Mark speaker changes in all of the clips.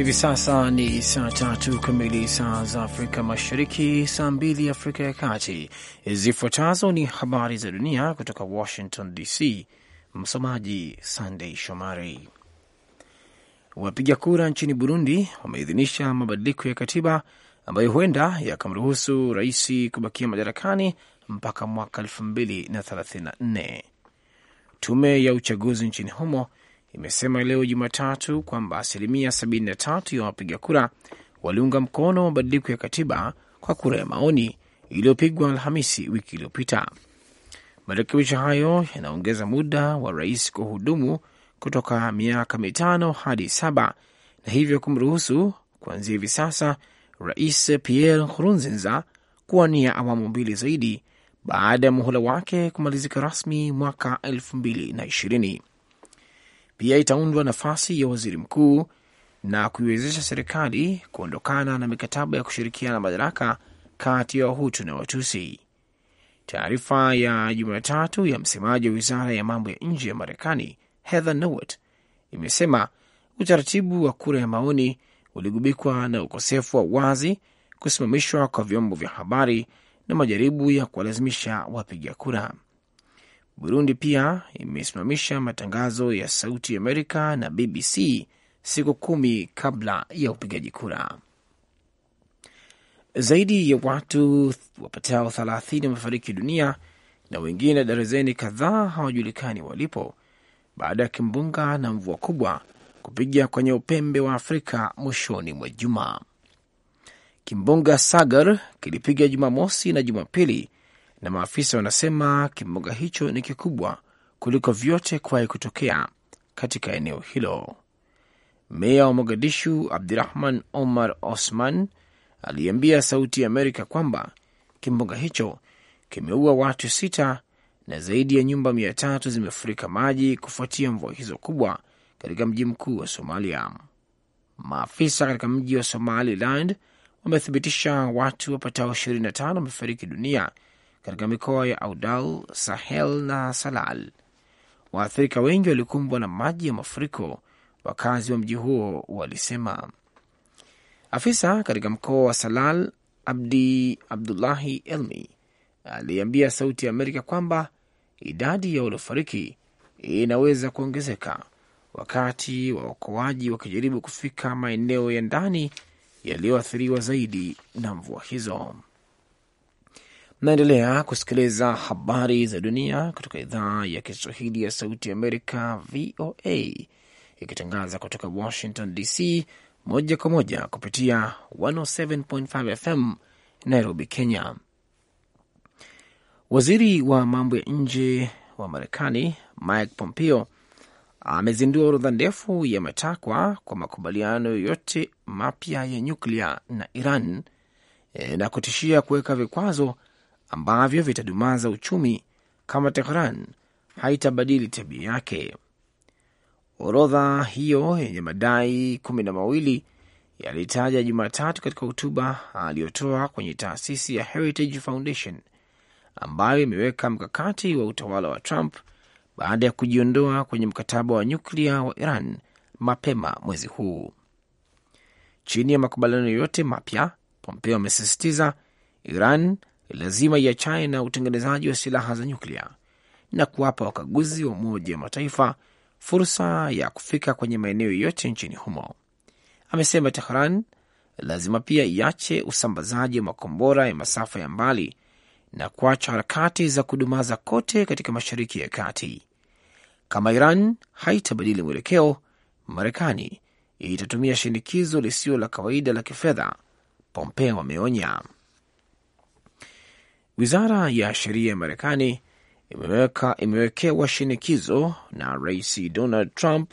Speaker 1: Hivi sasa ni saa tatu kamili saa za Afrika Mashariki, saa mbili Afrika ya Kati. Zifuatazo ni habari za dunia kutoka Washington DC. Msomaji Sandei Shomari. Wapiga kura nchini Burundi wameidhinisha mabadiliko ya katiba ambayo huenda yakamruhusu rais kubakia madarakani mpaka mwaka 2034. Tume ya uchaguzi nchini humo imesema leo Jumatatu kwamba asilimia 73 ya wapiga kura waliunga mkono mabadiliko ya katiba kwa kura ya maoni iliyopigwa Alhamisi wiki iliyopita. Marekebisho hayo yanaongeza muda wa rais kuhudumu kutoka miaka mitano hadi saba na hivyo kumruhusu kuanzia hivi sasa Rais Pierre Nkurunziza kuwania awamu mbili zaidi baada ya muhula wake kumalizika rasmi mwaka elfu mbili na ishirini. Pia itaundwa nafasi ya waziri mkuu na kuiwezesha serikali kuondokana na mikataba ya kushirikiana madaraka kati ya Wahutu na Watusi. Taarifa ya Jumatatu ya msemaji wa wizara ya mambo ya nje ya Marekani Heather Nauert imesema utaratibu wa kura ya maoni uligubikwa na ukosefu wa wazi, kusimamishwa kwa vyombo vya habari na majaribu ya kuwalazimisha wapiga kura. Burundi pia imesimamisha matangazo ya Sauti Amerika na BBC siku kumi kabla ya upigaji kura. Zaidi ya watu wapatao thelathini wamefariki dunia na wengine darazeni kadhaa hawajulikani walipo baada ya kimbunga na mvua kubwa kupiga kwenye upembe wa Afrika mwishoni mwa juma. Kimbunga Sagar kilipiga Jumamosi na Jumapili na maafisa wanasema kimbunga hicho ni kikubwa kuliko vyote kuwahi kutokea katika eneo hilo. Meya wa Mogadishu Abdurahman Omar Osman aliambia Sauti ya Amerika kwamba kimbunga hicho kimeua watu sita na zaidi ya nyumba mia tatu zimefurika maji kufuatia mvua hizo kubwa katika mji mkuu wa Somalia. Maafisa katika mji wa Somaliland wamethibitisha watu wapatao 25 wamefariki dunia katika mikoa ya Audal, Sahel na Salal. Waathirika wengi walikumbwa na maji ya mafuriko, wakazi wa mji huo walisema. Afisa katika mkoa wa Salal, Abdi Abdullahi Elmi, aliambia Sauti ya Amerika kwamba idadi ya waliofariki inaweza kuongezeka wakati waokoaji wakijaribu kufika maeneo ya ndani yaliyoathiriwa zaidi na mvua hizo. Naendelea kusikiliza habari za dunia kutoka idhaa ya Kiswahili ya Sauti ya Amerika, VOA, ikitangaza kutoka Washington DC moja kwa moja kupitia 107.5 FM Nairobi, Kenya. Waziri wa mambo ya nje wa Marekani Mike Pompeo amezindua orodha ndefu ya matakwa kwa makubaliano yoyote mapya ya nyuklia na Iran eh, na kutishia kuweka vikwazo ambavyo vitadumaza uchumi kama Tehran haitabadili tabia yake. Orodha hiyo yenye madai kumi na mawili yalitaja Jumatatu katika hotuba aliyotoa kwenye taasisi ya Heritage Foundation ambayo imeweka mkakati wa utawala wa Trump baada ya kujiondoa kwenye mkataba wa nyuklia wa Iran mapema mwezi huu. Chini ya makubaliano yote mapya, Pompeo amesisitiza Iran lazima iachane na utengenezaji wa silaha za nyuklia na kuwapa wakaguzi wa Umoja wa Mataifa fursa ya kufika kwenye maeneo yote nchini humo. Amesema Tehran lazima pia iache usambazaji wa makombora ya masafa ya mbali na kuacha harakati za kudumaza kote katika Mashariki ya Kati. Kama Iran haitabadili mwelekeo, Marekani itatumia shinikizo lisilo la kawaida la kifedha, Pompeo ameonya. Wizara ya sheria ya Marekani imeweka imewekewa shinikizo na Rais Donald Trump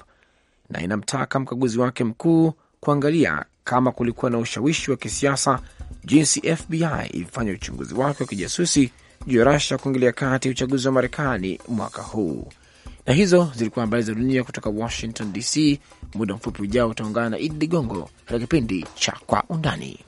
Speaker 1: na inamtaka mkaguzi wake mkuu kuangalia kama kulikuwa na ushawishi wa kisiasa, jinsi FBI ilifanya uchunguzi wake wa kijasusi juu ya Rasha kuingilia kati uchaguzi wa Marekani mwaka huu. Na hizo zilikuwa habari za dunia kutoka Washington DC. Muda mfupi ujao utaungana na Idi Ligongo katika kipindi cha Kwa Undani.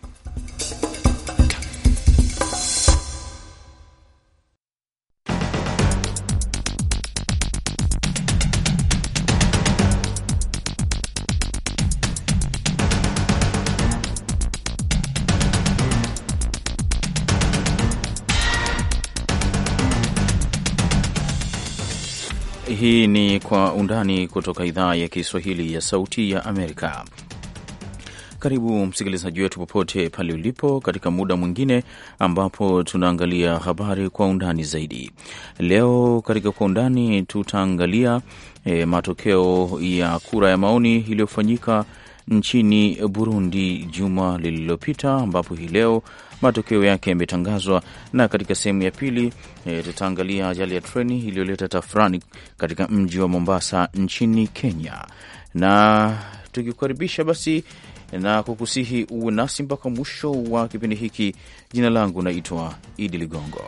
Speaker 2: Hii ni Kwa Undani kutoka idhaa ya Kiswahili ya Sauti ya Amerika. Karibu msikilizaji wetu popote pale ulipo, katika muda mwingine ambapo tunaangalia habari kwa undani zaidi. Leo katika Kwa Undani tutaangalia e, matokeo ya kura ya maoni iliyofanyika nchini Burundi juma lililopita, ambapo hii leo matokeo yake yametangazwa. Na katika sehemu ya pili e, tutaangalia ajali ya treni iliyoleta tafurani katika mji wa Mombasa nchini Kenya, na tukikukaribisha basi na kukusihi uwe nasi mpaka mwisho wa kipindi hiki. Jina langu naitwa Idi Ligongo.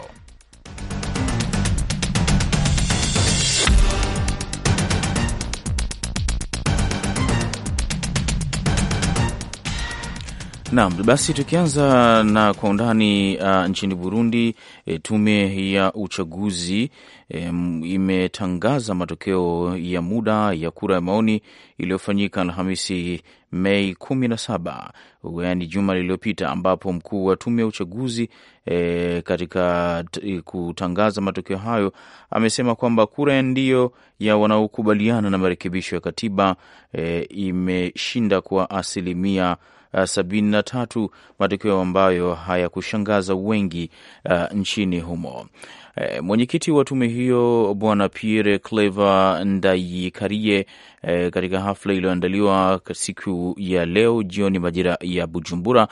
Speaker 2: Naam, basi tukianza na kwa undani uh, nchini Burundi e, tume ya uchaguzi e, imetangaza matokeo ya muda ya kura ya maoni iliyofanyika Alhamisi Mei 17 yaani juma lililopita, ambapo mkuu wa tume ya uchaguzi e, katika t, e, kutangaza matokeo hayo amesema kwamba kura ya ndio ya wanaokubaliana na marekebisho ya katiba e, imeshinda kwa asilimia e, sabini na tatu, matokeo ambayo hayakushangaza wengi uh, nchini humo. E, mwenyekiti wa tume hiyo Bwana Pierre Clever Ndayikarie e, katika hafla iliyoandaliwa siku ya leo jioni majira ya Bujumbura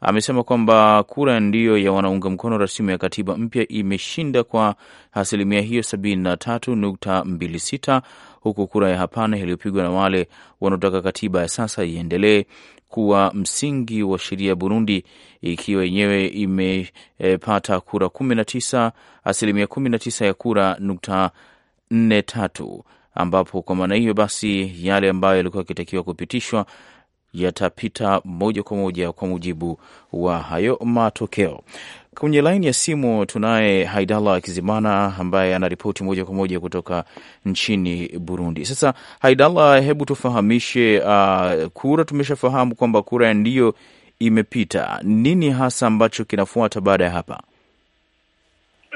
Speaker 2: amesema kwamba kura ndiyo ya wanaunga mkono rasimu ya katiba mpya imeshinda kwa asilimia hiyo 73.26 huku kura ya hapana iliyopigwa na wale wanaotaka katiba ya sasa iendelee kuwa msingi wa sheria ya Burundi ikiwa yenyewe imepata kura 19 asilimia 19 ya kura nukta nne tatu ambapo kwa maana hiyo basi yale ambayo yalikuwa yakitakiwa kupitishwa yatapita moja kwa moja kwa mujibu wa hayo matokeo. Kwenye laini ya simu tunaye Haidala Kizimana ambaye anaripoti moja kwa moja kutoka nchini Burundi. Sasa Haidala, hebu tufahamishe, uh, kura tumeshafahamu kwamba kura ya ndio imepita. Nini hasa ambacho kinafuata baada ya hapa?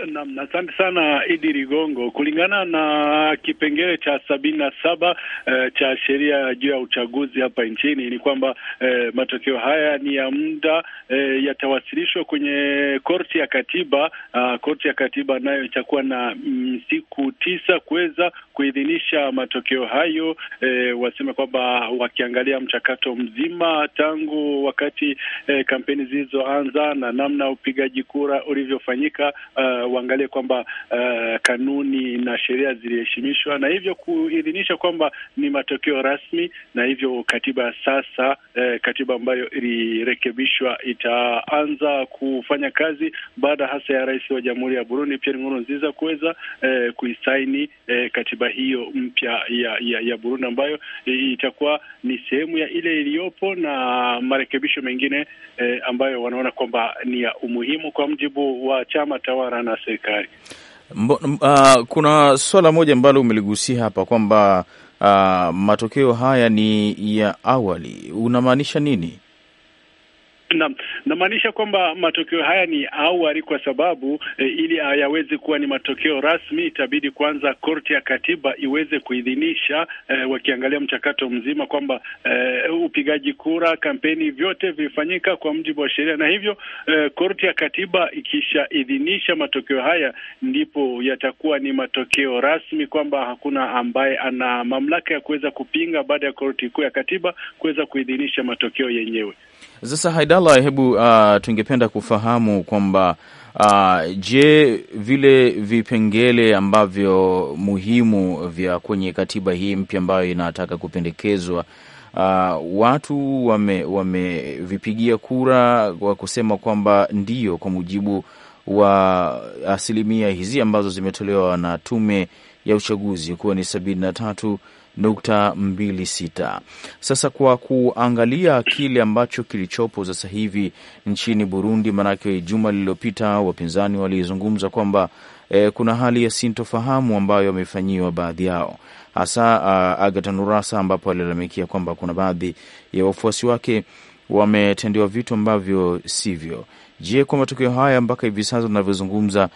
Speaker 3: Naam, asante sana Idi rigongo Kulingana na kipengele cha sabini na saba e, cha sheria juu ya uchaguzi hapa nchini ni kwamba e, matokeo haya ni ya muda e, yatawasilishwa kwenye korti ya katiba a, ah, korti ya katiba nayo itakuwa na m, mm, siku tisa kuweza kuidhinisha matokeo hayo e, wasema kwamba wakiangalia mchakato mzima tangu wakati e, kampeni zilizoanza na namna upigaji kura ulivyofanyika ah, waangalie uh, kwamba uh, kanuni na sheria ziliheshimishwa na hivyo kuidhinisha kwamba ni matokeo rasmi, na hivyo katiba sasa, uh, katiba ambayo ilirekebishwa itaanza kufanya kazi baada hasa ya rais wa Jamhuri ya Burundi Pierre Nkurunziza kuweza uh, kuisaini uh, katiba hiyo mpya ya, ya, ya Burundi ambayo itakuwa ni sehemu ya ile iliyopo na marekebisho mengine eh, ambayo wanaona kwamba ni ya umuhimu kwa mjibu wa chama tawala na na serikali.
Speaker 2: Uh, kuna swala moja ambalo umeligusia hapa kwamba uh, matokeo haya ni ya awali, unamaanisha nini?
Speaker 3: Naam, namaanisha kwamba matokeo haya ni awali, kwa sababu e, ili yaweze kuwa ni matokeo rasmi itabidi kwanza korti ya katiba iweze kuidhinisha, e, wakiangalia mchakato mzima kwamba e, upigaji kura, kampeni, vyote vilifanyika kwa mujibu wa sheria, na hivyo e, korti ya katiba ikishaidhinisha matokeo haya ndipo yatakuwa ni matokeo rasmi kwamba hakuna ambaye ana mamlaka ya kuweza kupinga baada ya korti kuu ya katiba kuweza kuidhinisha matokeo yenyewe.
Speaker 2: Sasa haidala hebu uh, tungependa kufahamu kwamba uh, je, vile vipengele ambavyo muhimu vya kwenye katiba hii mpya ambayo inataka kupendekezwa Uh, watu wamevipigia wame kura kwa kusema kwamba ndiyo, kwa mujibu wa asilimia hizi ambazo zimetolewa na tume ya uchaguzi kuwa ni sabini na tatu nukta mbili sita. Sasa kwa kuangalia kile ambacho kilichopo sasa hivi nchini Burundi, maanake juma lililopita wapinzani walizungumza kwamba e, kuna hali ya sintofahamu ambayo wamefanyiwa baadhi yao hasa ah, Agathon Rwasa, ambapo alilalamikia kwamba kuna baadhi ya wafuasi wake wametendewa vitu ambavyo sivyo. Je, kwa matokeo haya mpaka hivi sasa tunavyozungumza,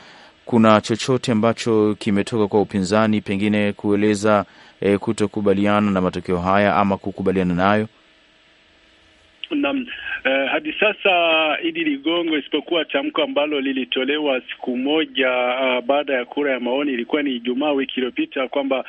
Speaker 2: kuna chochote ambacho kimetoka kwa upinzani pengine kueleza e, kutokubaliana na matokeo haya ama kukubaliana nayo?
Speaker 3: Naam. Uh, hadi sasa Idi Ligongo, isipokuwa tamko ambalo lilitolewa siku moja uh, baada ya kura ya maoni, ilikuwa ni Ijumaa wiki iliyopita, kwamba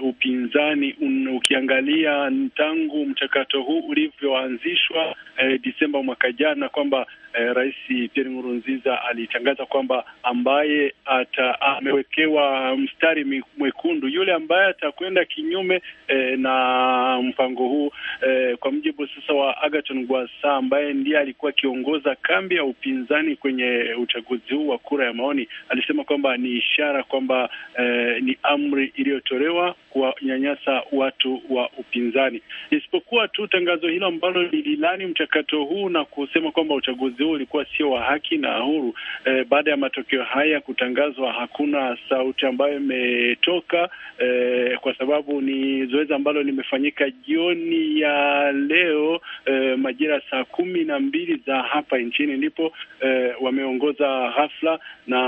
Speaker 3: uh, upinzani un, ukiangalia tangu mchakato huu ulivyoanzishwa uh, Disemba mwaka jana, kwamba uh, Rais Pierre Nkurunziza alitangaza kwamba ambaye ata amewekewa mstari mwekundu, yule ambaye atakwenda kinyume uh, na mpango huu uh, kwa mjibu sasa wa Agaton Gwasa ambaye ambaye ndiye alikuwa akiongoza kambi ya upinzani kwenye uchaguzi huu wa kura ya maoni, alisema kwamba ni ishara kwamba eh, ni amri iliyotolewa kuwanyanyasa watu wa upinzani, isipokuwa tu tangazo hilo ambalo lililani mchakato huu na kusema kwamba uchaguzi huu ulikuwa sio wa haki na huru. Eh, baada ya matokeo haya kutangazwa, hakuna sauti ambayo imetoka eh, kwa sababu ni zoezi ambalo limefanyika jioni ya leo eh, majira saa kumi na mbili za hapa nchini ndipo eh, wameongoza ghafla na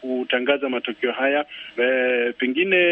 Speaker 3: kutangaza matokeo haya eh, pengine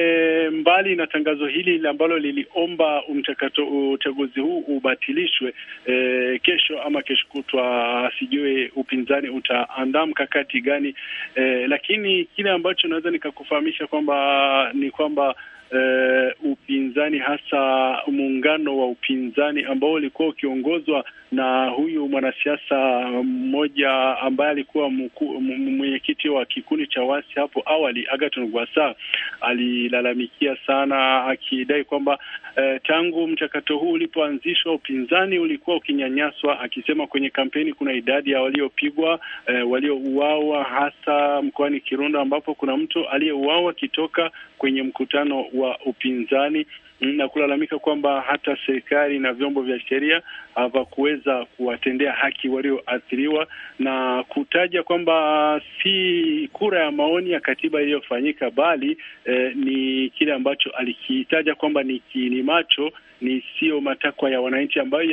Speaker 3: mbali na tangazo hili ambalo liliomba mchakato uchaguzi huu ubatilishwe eh, kesho ama kesho kutwa, sijue upinzani utaandaa mkakati gani eh, lakini kile ambacho naweza nikakufahamisha kwamba ni kwamba uh, upinzani hasa muungano wa upinzani ambao ulikuwa ukiongozwa na huyu mwanasiasa mmoja ambaye alikuwa mwenyekiti wa kikundi cha wasi hapo awali, Agaton Rwasa alilalamikia sana akidai kwamba uh, tangu mchakato huu ulipoanzishwa upinzani ulikuwa ukinyanyaswa, akisema kwenye kampeni kuna idadi ya waliopigwa, uh, waliouawa hasa mkoani Kirundo ambapo kuna mtu aliyeuawa akitoka kwenye mkutano wa upinzani na kulalamika kwamba hata serikali na vyombo vya sheria havakuweza kuwatendea haki walioathiriwa, na kutaja kwamba si kura ya maoni ya katiba iliyofanyika, bali eh, ni kile ambacho alikitaja kwamba ni kiini macho ni sio matakwa ya wananchi ambayo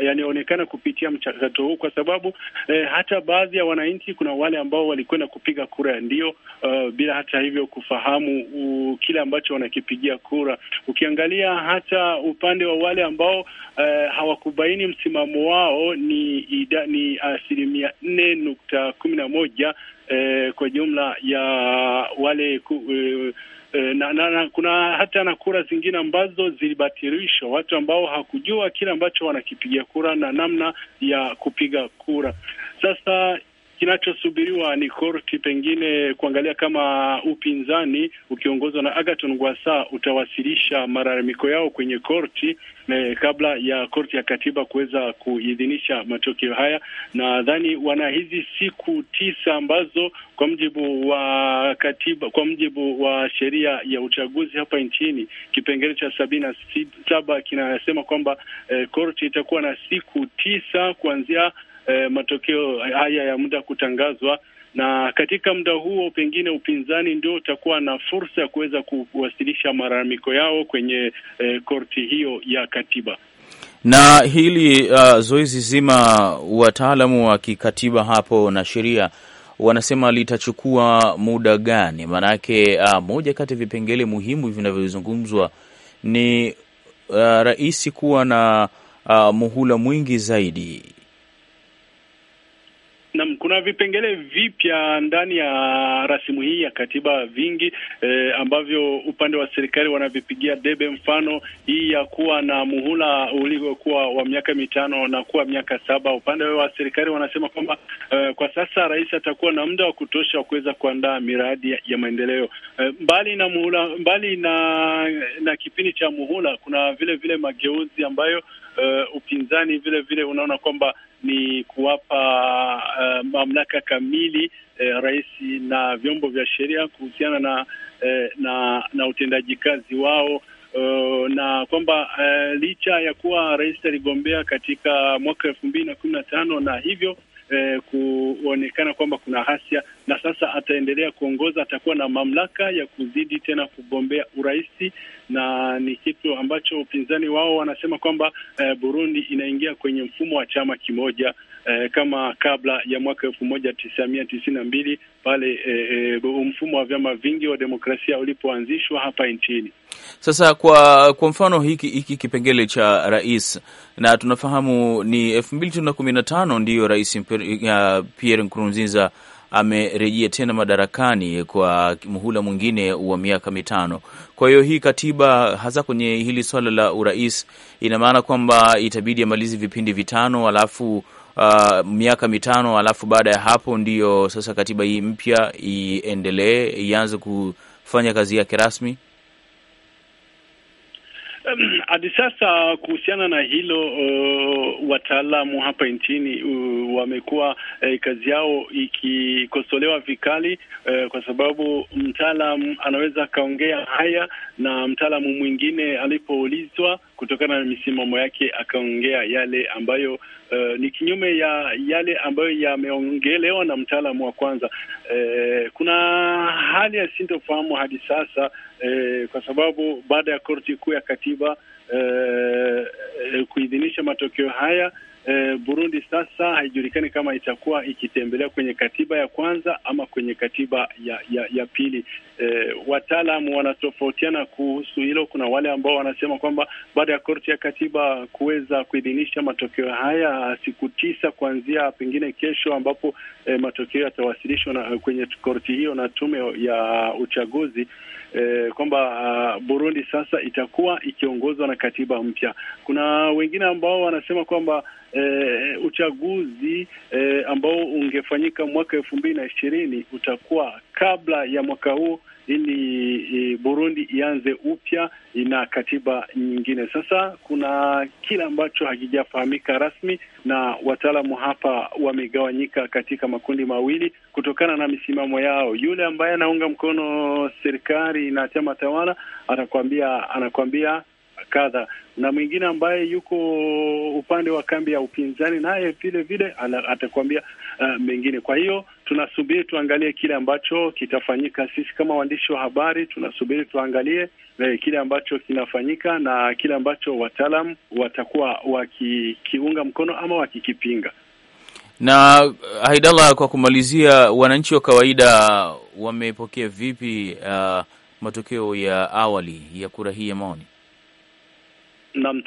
Speaker 3: yalionekana kupitia mchakato huu, kwa sababu eh, hata baadhi ya wananchi kuna wale ambao walikwenda kupiga kura ya ndio, uh, bila hata hivyo kufahamu uh, kile ambacho wanakipigia kura. Ukiangalia hata upande wa wale ambao uh, hawakubaini msimamo wao ni, ida, ni asilimia nne nukta kumi na moja eh, kwa jumla ya wale ku, uh, Eh, na, na, na kuna hata na kura zingine ambazo zilibatilishwa, watu ambao hakujua kile ambacho wanakipigia kura na namna ya kupiga kura. Sasa kinachosubiriwa ni korti pengine kuangalia kama upinzani ukiongozwa na Agaton Gwasa utawasilisha malalamiko yao kwenye korti eh, kabla ya korti ya katiba kuweza kuidhinisha matokeo haya. Nadhani wana hizi siku tisa ambazo kwa mujibu wa katiba, kwa mujibu wa sheria ya uchaguzi hapa nchini kipengele cha sabini na saba kinasema kwamba eh, korti itakuwa na siku tisa kuanzia eh, matokeo haya ya muda kutangazwa, na katika muda huo pengine upinzani ndio utakuwa na fursa ya kuweza kuwasilisha malalamiko yao kwenye eh, korti hiyo ya katiba
Speaker 2: na hili uh, zoezi zima, wataalamu wa kikatiba hapo na sheria wanasema litachukua muda gani? Maanake uh, moja kati ya vipengele muhimu vinavyozungumzwa ni uh, rais kuwa na uh, muhula mwingi zaidi
Speaker 3: kuna vipengele vipya ndani ya rasimu hii ya katiba vingi eh, ambavyo upande wa serikali wanavipigia debe, mfano hii ya kuwa na muhula uliokuwa wa miaka mitano na kuwa miaka saba. Upande wa serikali wanasema kwamba eh, kwa sasa rais atakuwa na muda wa kutosha wa kuweza kuandaa miradi ya, ya maendeleo eh, mbali na muhula, mbali na na kipindi cha muhula, kuna vile vile mageuzi ambayo uh, upinzani vile vile unaona kwamba ni kuwapa uh, mamlaka kamili uh, rais na vyombo vya sheria kuhusiana na uh, na na utendaji kazi wao. Uh, na kwamba uh, licha ya kuwa rais aligombea katika mwaka elfu mbili na kumi na tano na hivyo eh, kuonekana kwamba kuna ghasia, na sasa ataendelea kuongoza, atakuwa na mamlaka ya kuzidi tena kugombea urais, na ni kitu ambacho upinzani wao wanasema kwamba eh, Burundi inaingia kwenye mfumo wa chama kimoja eh, kama kabla ya mwaka elfu moja tisa mia tisini na mbili pale eh, eh, mfumo wa vyama vingi wa demokrasia ulipoanzishwa hapa nchini.
Speaker 2: Sasa kwa kwa mfano hiki hiki kipengele cha rais, na tunafahamu ni elfu mbili na kumi na tano ndiyo rais Pierre Nkurunziza amerejea tena madarakani kwa muhula mwingine wa miaka mitano. Kwa hiyo hii katiba hasa kwenye hili swala la urais, ina maana kwamba itabidi amalizi vipindi vitano, alafu uh, miaka mitano, alafu baada ya hapo ndiyo sasa katiba hii mpya iendelee ianze kufanya kazi yake rasmi
Speaker 3: um, hadi sasa kuhusiana na hilo uh, wataalamu hapa nchini uh, wamekuwa uh, kazi yao ikikosolewa vikali uh, kwa sababu mtaalamu anaweza akaongea haya na mtaalamu mwingine alipoulizwa kutokana na misimamo yake akaongea yale ambayo uh, ni kinyume ya yale ambayo yameongelewa na mtaalamu wa kwanza. Uh, kuna hali ya sintofahamu hadi sasa uh, kwa sababu baada ya korti kuu ya katiba uh, kuidhinisha matokeo haya Eh, Burundi sasa haijulikani kama itakuwa ikitembelea kwenye katiba ya kwanza ama kwenye katiba ya ya, ya pili. E, wataalamu wanatofautiana kuhusu hilo. Kuna wale ambao wanasema kwamba baada ya korti ya katiba kuweza kuidhinisha matokeo haya siku tisa kuanzia pengine kesho, ambapo e, matokeo yatawasilishwa kwenye korti hiyo na tume ya uchaguzi eh, kwamba uh, Burundi sasa itakuwa ikiongozwa na katiba mpya. Kuna wengine ambao wanasema kwamba eh, uchaguzi eh, ambao ungefanyika mwaka elfu mbili na ishirini utakuwa kabla ya mwaka huu ili e, Burundi ianze upya ina katiba nyingine. Sasa kuna kile ambacho hakijafahamika rasmi, na wataalamu hapa wamegawanyika katika makundi mawili kutokana na misimamo yao. Yule ambaye anaunga mkono serikali na chama tawala atakwambia, anakwambia kadha na mwingine ambaye yuko upande wa kambi ya upinzani naye vile vile atakwambia uh, mengine. Kwa hiyo tunasubiri tuangalie kile ambacho kitafanyika. Sisi kama waandishi wa habari tunasubiri tuangalie eh, kile ambacho kinafanyika na kile ambacho wataalam watakuwa wakikiunga mkono ama wakikipinga.
Speaker 2: Na eh, Haidallah, kwa kumalizia, wananchi wa kawaida wamepokea vipi uh, matokeo ya awali ya kura hii ya maoni?
Speaker 3: Naam,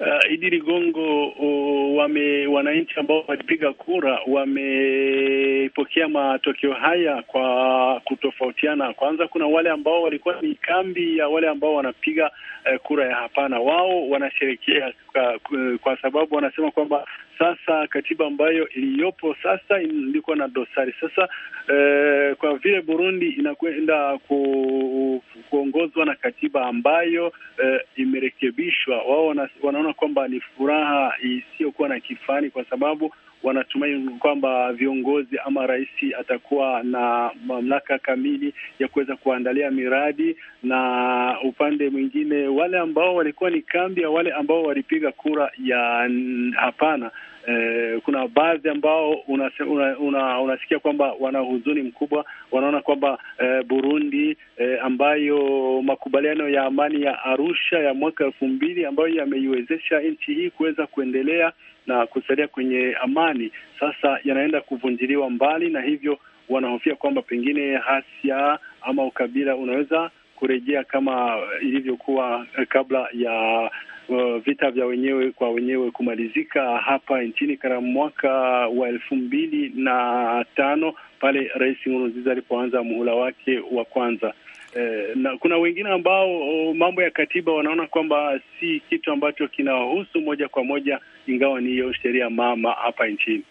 Speaker 3: uh, Idi Ligongo, uh, wame wananchi ambao walipiga kura wamepokea matokeo haya kwa kutofautiana. Kwanza kuna wale ambao walikuwa ni kambi ya wale ambao wanapiga uh, kura ya hapana, wao wanasherekea kwa, kwa sababu wanasema kwamba sasa katiba ambayo iliyopo sasa ilikuwa na dosari. Sasa eh, kwa vile Burundi inakwenda ku, kuongozwa na katiba ambayo eh, imerekebishwa, wao wanaona kwamba ni furaha isiyokuwa na kifani, kwa sababu wanatumaini kwamba viongozi ama rais atakuwa na mamlaka kamili ya kuweza kuandalia miradi, na upande mwingine wale ambao walikuwa ni kambi ya wale ambao walipiga kura ya hapana. Eh, kuna baadhi ambao unasikia una, una, una kwamba wana huzuni mkubwa, wanaona kwamba eh, Burundi eh, ambayo makubaliano ya amani ya Arusha ya mwaka elfu mbili ambayo yameiwezesha nchi hii kuweza kuendelea na kusalia kwenye amani, sasa yanaenda kuvunjiliwa mbali, na hivyo wanahofia kwamba pengine hasia ama ukabila unaweza kurejea kama ilivyokuwa kabla ya uh, vita vya wenyewe kwa wenyewe kumalizika hapa nchini katika mwaka wa elfu mbili na tano pale Rais Nkurunziza alipoanza muhula wake wa kwanza. Eh, na kuna wengine ambao oh, mambo ya katiba wanaona kwamba si kitu ambacho kinawahusu moja kwa moja, ingawa ni hiyo sheria mama hapa nchini.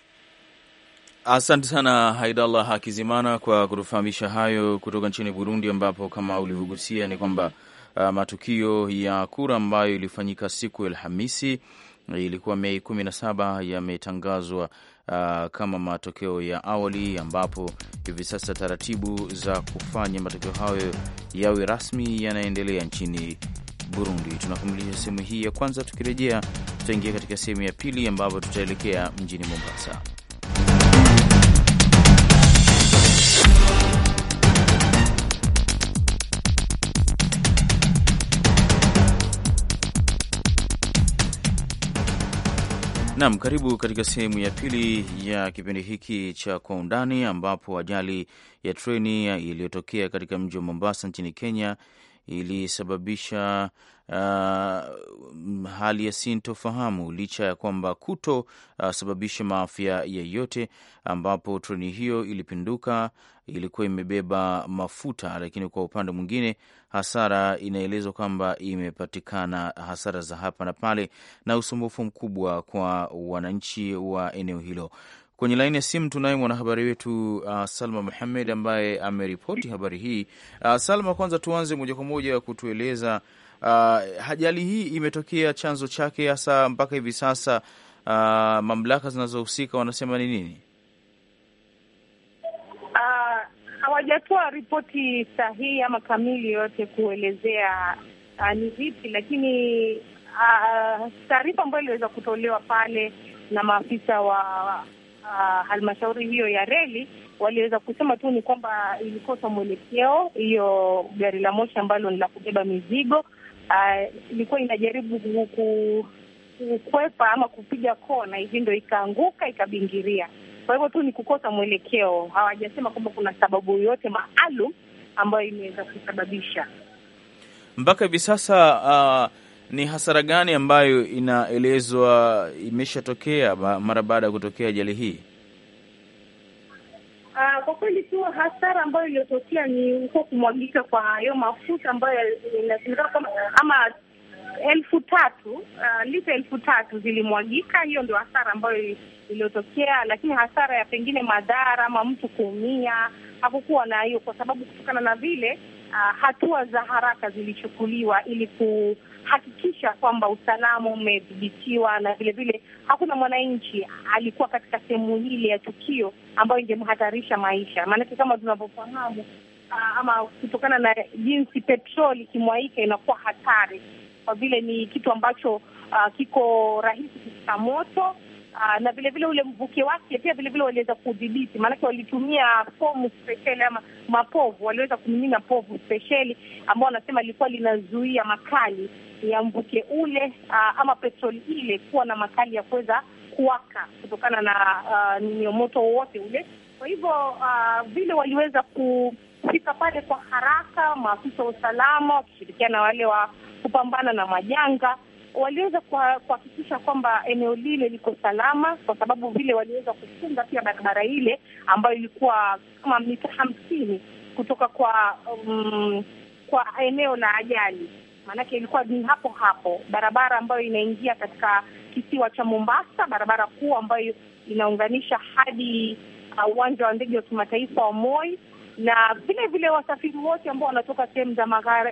Speaker 2: Asante sana Haidallah Hakizimana kwa kutufahamisha hayo kutoka nchini Burundi, ambapo kama ulivyogusia ni kwamba uh, matukio ya kura ambayo ilifanyika siku ya Alhamisi ilikuwa Mei kumi na saba yametangazwa uh, kama matokeo ya awali, ambapo hivi sasa taratibu za kufanya matokeo hayo yawe rasmi yanaendelea nchini Burundi. Tunakamilisha sehemu hii ya kwanza, tukirejea tutaingia katika sehemu ya pili ambapo tutaelekea mjini Mombasa. Naam, karibu katika sehemu ya pili ya kipindi hiki cha Kwa Undani, ambapo ajali ya treni iliyotokea katika mji wa Mombasa nchini Kenya ilisababisha uh, hali ya sintofahamu licha ya kwamba kutosababisha ah, uh, maafya yeyote, ambapo treni hiyo ilipinduka ilikuwa imebeba mafuta, lakini kwa upande mwingine hasara inaelezwa kwamba imepatikana hasara za hapa na pale na usumbufu mkubwa kwa wananchi wa eneo hilo. Kwenye laini ya simu tunaye mwanahabari wetu uh, Salma Muhamed ambaye ameripoti habari hii. Uh, Salma, kwanza tuanze moja kwa moja kutueleza Uh, ajali hii imetokea, chanzo chake hasa mpaka hivi sasa uh, mamlaka zinazohusika wanasema ni nini?
Speaker 4: Uh, hawajatoa uh, ripoti sahihi ama kamili yoyote kuelezea uh, ni vipi, lakini uh, taarifa ambayo iliweza kutolewa pale na maafisa wa Uh, halmashauri hiyo ya reli waliweza kusema tu ni kwamba ilikosa mwelekeo, hiyo gari la moshi ambalo ni la kubeba mizigo Ah, ilikuwa uh, inajaribu kukwepa ama kupiga kona hivi, ndo ikaanguka ikabingiria. Kwa hivyo tu ni kukosa mwelekeo, hawajasema kwamba kuna sababu yoyote maalum ambayo imeweza kusababisha
Speaker 2: mpaka hivi sasa. Uh, ni hasara gani ambayo inaelezwa imeshatokea mara baada ya kutokea ajali hii?
Speaker 4: Uh, kwa kweli tu hasara ambayo iliyotokea ni huko kumwagika kwa hayo mafuta ambayo inasemekana kama ama elfu tatu uh, lita elfu tatu zilimwagika. Hiyo ndio hasara ambayo iliyotokea, lakini hasara ya pengine madhara ama mtu kuumia hakukuwa na hiyo, kwa sababu kutokana na vile uh, hatua za haraka zilichukuliwa ili ku hakikisha kwamba usalama umedhibitiwa na vilevile hakuna mwananchi alikuwa katika sehemu hili ya tukio ambayo ingemhatarisha maisha. Maanake kama tunavyofahamu, ah, ama kutokana na jinsi petroli ikimwaika inakuwa hatari, kwa vile ni kitu ambacho uh, kiko rahisi kushika moto Ah, na na vilevile ule mvuke wake pia vilevile waliweza kudhibiti, maanake walitumia fomu spesheli ama mapovu, waliweza kumimina povu spesheli ambao wanasema ilikuwa linazuia makali ya mvuke ule uh, ama petroli ile kuwa na makali ya kuweza kuwaka kutokana na uh, ah, moto wowote ule. Kwa hivyo uh, vile waliweza kufika pale kwa haraka, maafisa wa usalama wakishirikiana na wale wa kupambana na majanga waliweza kuhakikisha kwamba eneo lile liko salama, kwa sababu vile waliweza kufunga pia barabara ile ambayo ilikuwa kama mita hamsini kutoka kwa um, kwa eneo la ajali. Maanake ilikuwa ni hapo hapo barabara ambayo inaingia katika kisiwa cha Mombasa, barabara kuu ambayo inaunganisha hadi uh, uwanja uh, wa ndege wa kimataifa wa Moi na vile vile wasafiri wote ambao wanatoka sehemu za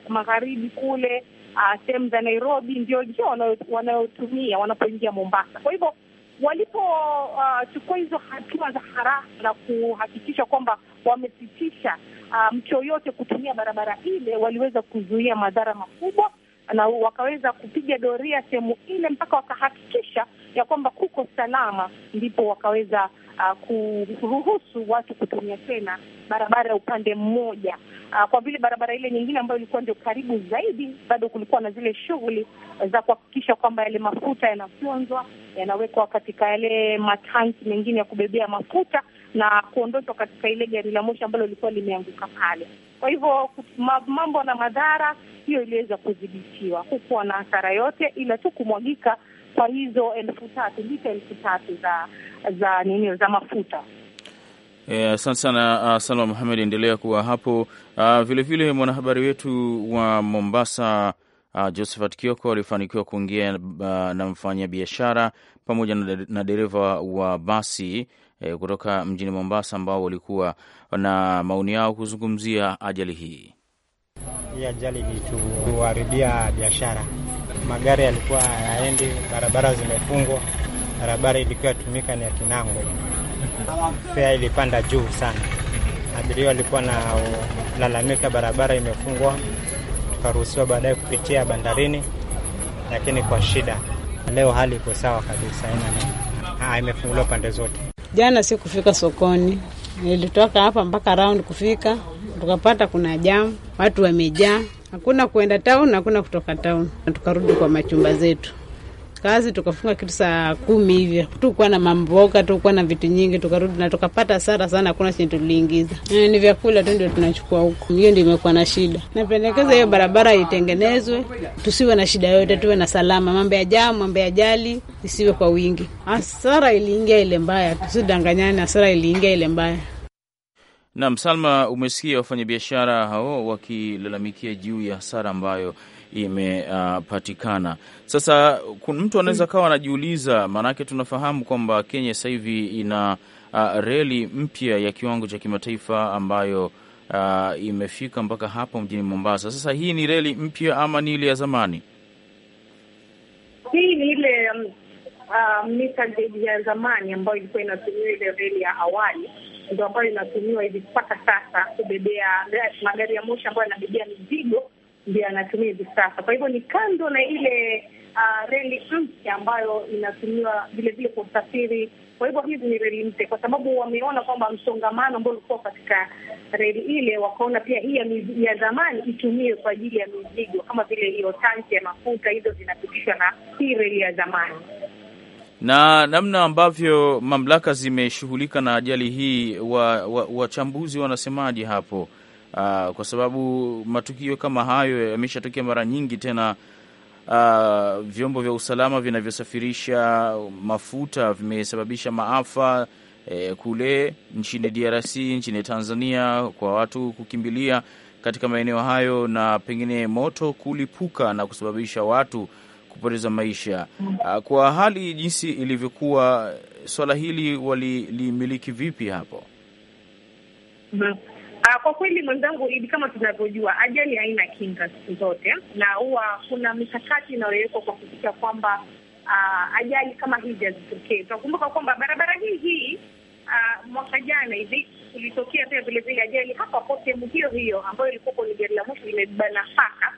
Speaker 4: magharibi kule, uh, sehemu za Nairobi ndio njia wanayotumia wanapoingia Mombasa. Kwa hivyo walipochukua ah, uh, hizo hatua za haraka na kuhakikisha kwamba wamesitisha uh, mtu yoyote kutumia barabara ile, waliweza kuzuia madhara makubwa na wakaweza kupiga doria sehemu ile mpaka wakahakikisha ya kwamba kuko salama, ndipo wakaweza uh, kuruhusu watu kutumia tena barabara upande mmoja. Uh, kwa vile barabara ile nyingine ambayo ilikuwa ndio karibu zaidi, bado kulikuwa na zile shughuli za kuhakikisha kwamba yale mafuta yanafyonzwa, yanawekwa katika yale matanki mengine ya kubebea mafuta na kuondoshwa katika ile gari la moshi ambalo lilikuwa limeanguka pale. Kwa hivyo mambo na madhara hiyo iliweza kudhibitiwa, hukuwa na hasara yote, ila tu kumwagika kwa hizo elfu tatu lita elfu tatu za za nini za mafuta.
Speaker 2: Eh, asante sana ah, Salma Muhamed, endelea kuwa hapo. Vilevile ah, mwanahabari wetu wa Mombasa ah, Josephat Kioko alifanikiwa kuongea na mfanyabiashara pamoja na dereva wa basi e, kutoka mjini Mombasa ambao walikuwa na maoni yao kuzungumzia ajali hii.
Speaker 1: Hii ajali ilituharibia biashara, magari yalikuwa hayaendi, barabara zimefungwa, barabara ilikuwa yatumika ni ya Kinango fea ilipanda juu sana. Abiria walikuwa na lalamika, barabara imefungwa, tukaruhusiwa baadaye kupitia bandarini, lakini kwa shida. Leo hali iko sawa kabisa, ina ah, imefunguliwa pande zote. Jana si kufika sokoni, nilitoka hapa mpaka round kufika, tukapata kuna jamu, watu wamejaa, hakuna kuenda town, hakuna kutoka town, tukarudi kwa machumba zetu kazi tukafunga kitu saa kumi hivyo. Tukuwa na mamboga, tukuwa na vitu nyingi, tukarudi na tukapata hasara sana, hakuna chenye tuliingiza. Eh, ni vyakula tu ndio tunachukua huku, hiyo ndio imekuwa na shida. Napendekeza hiyo barabara itengenezwe, tusiwe na shida yoyote, tuwe na salama. Mambo ya jamu, mambo ya ajali isiwe kwa wingi. Hasara iliingia ile mbaya, tusidanganyane, hasara iliingia ile mbaya.
Speaker 2: Naam, Salma, umesikia wafanyabiashara hao wakilalamikia juu ya hasara ambayo imepatikana. Uh, sasa mtu anaweza kawa anajiuliza, maanake tunafahamu kwamba Kenya sasa hivi ina uh, reli mpya ya kiwango cha kimataifa ambayo uh, imefika mpaka hapo mjini Mombasa. Sasa hii ni reli mpya ama ni ile ya zamani?
Speaker 4: Hii ni ile mita um, geji ya zamani ambayo ilikuwa inatumiwa, ile reli ya awali ndo ambayo inatumiwa hivi mpaka sasa kubebea magari ya moshi ambayo yanabebea mizigo ndio anatumia hivi sasa. Kwa hivyo ni kando na ile uh, reli mpya ambayo inatumiwa vilevile kwa usafiri. Kwa hivyo hizi ni reli mpya, kwa sababu wameona kwamba msongamano ambao ulikuwa katika reli ile, wakaona pia hii ya, ya zamani itumiwe kwa ajili ya mizigo kama vile hiyo tanki ya mafuta, hizo zinapitishwa na hii reli ya zamani
Speaker 2: na namna ambavyo mamlaka zimeshughulika na ajali hii, wachambuzi wa, wa wanasemaje hapo? uh, kwa sababu matukio kama hayo yameshatokea mara nyingi tena. Uh, vyombo vya usalama vinavyosafirisha mafuta vimesababisha maafa eh, kule nchini DRC, nchini Tanzania, kwa watu kukimbilia katika maeneo hayo na pengine moto kulipuka na kusababisha watu kupoteza maisha. Ah, kwa hali jinsi ilivyokuwa, swala hili walilimiliki vipi hapo?
Speaker 4: Uh, kwa kweli mwenzangu Idi, kama tunavyojua ajali haina kinga siku zote, na huwa kuna mikakati inayowekwa kwa kuhakikisha kwamba uh, ajali kama hizi hazitokee. Tunakumbuka kwamba barabara hii hii uh, mwaka jana hivi ilitokea pia vilevile ajali hapa Potemu hiyo hiyo ambayo ilikuwa kwenye gari la moshi limebeba nafaka,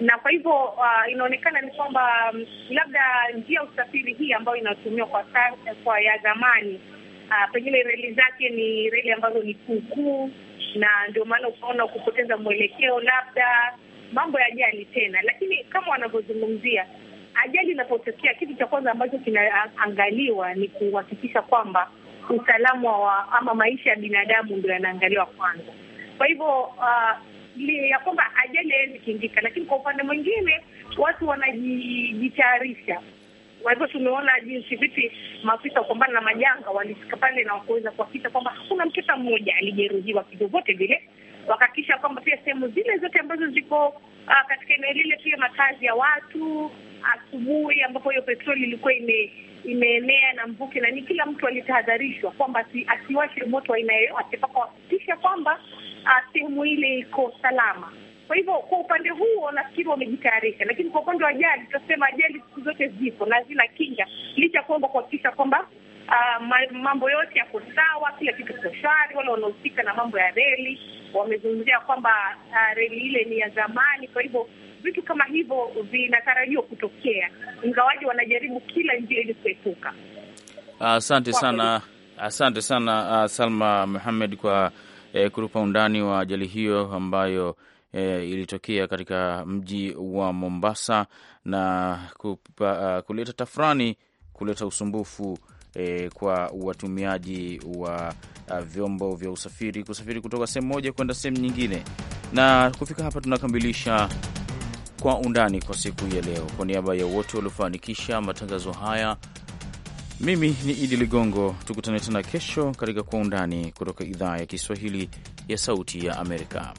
Speaker 4: na kwa hivyo uh, inaonekana ni kwamba um, labda njia ya usafiri hii ambayo inatumiwa kwa sasa, kwa ya zamani uh, pengine reli zake ni reli ambazo ni kuukuu na ndio maana ukaona kupoteza mwelekeo, labda mambo ya ajali tena. Lakini kama wanavyozungumzia ajali inapotokea, kitu cha kwanza ambacho kinaangaliwa ni kuhakikisha kwamba usalama wa ama maisha ya binadamu ndio yanaangaliwa kwanza. Kwa hivyo uh, ya kwamba ajali haiwezi kingika, lakini kwa upande mwingine watu wanajitayarisha kwa hivyo tumeona jinsi vipi maafisa wa kupambana na majanga walifika pale na wakuweza kuhakikisha kwamba hakuna mkesa mmoja alijeruhiwa kivyovyote vile, wakahakikisha kwamba pia sehemu zile zote ambazo ziko uh, katika eneo lile, pia makazi ya watu asubuhi ambapo hiyo petroli ilikuwa ime, imeenea na mvuke na ni kila mtu alitahadharishwa kwamba asiwashe moto aina yoyote mpaka wahakikisha kwamba ah, sehemu ile iko salama. Kwa hivyo kwa upande huo nafikiri wamejitayarisha, lakini kwa upande wa ajali tutasema ajali siku zote zipo na zina kinga, licha kwamba kuhakikisha kwamba uh, mambo yote yako sawa, kila kitu kiko shwari. Wale wanahusika na mambo ya reli wamezungumzia kwamba uh, reli ile ni ya zamani, kwa hivyo vitu kama hivyo vinatarajiwa kutokea, ingawaji wanajaribu kila njia ili kuepuka.
Speaker 2: Asante uh, sana asante uh, sana uh, Salma Muhamed kwa uh, kutupa undani wa ajali hiyo ambayo e, ilitokea katika mji wa Mombasa na kupa, uh, kuleta tafrani, kuleta usumbufu E, kwa watumiaji wa uh, vyombo vya usafiri kusafiri kutoka sehemu moja kwenda sehemu nyingine. Na kufika hapa tunakamilisha kwa undani kwa siku ya leo. Kwa niaba ya wote waliofanikisha matangazo haya, mimi ni Idi Ligongo. Tukutane tena kesho katika kwa undani kutoka idhaa ya Kiswahili ya Sauti ya Amerika.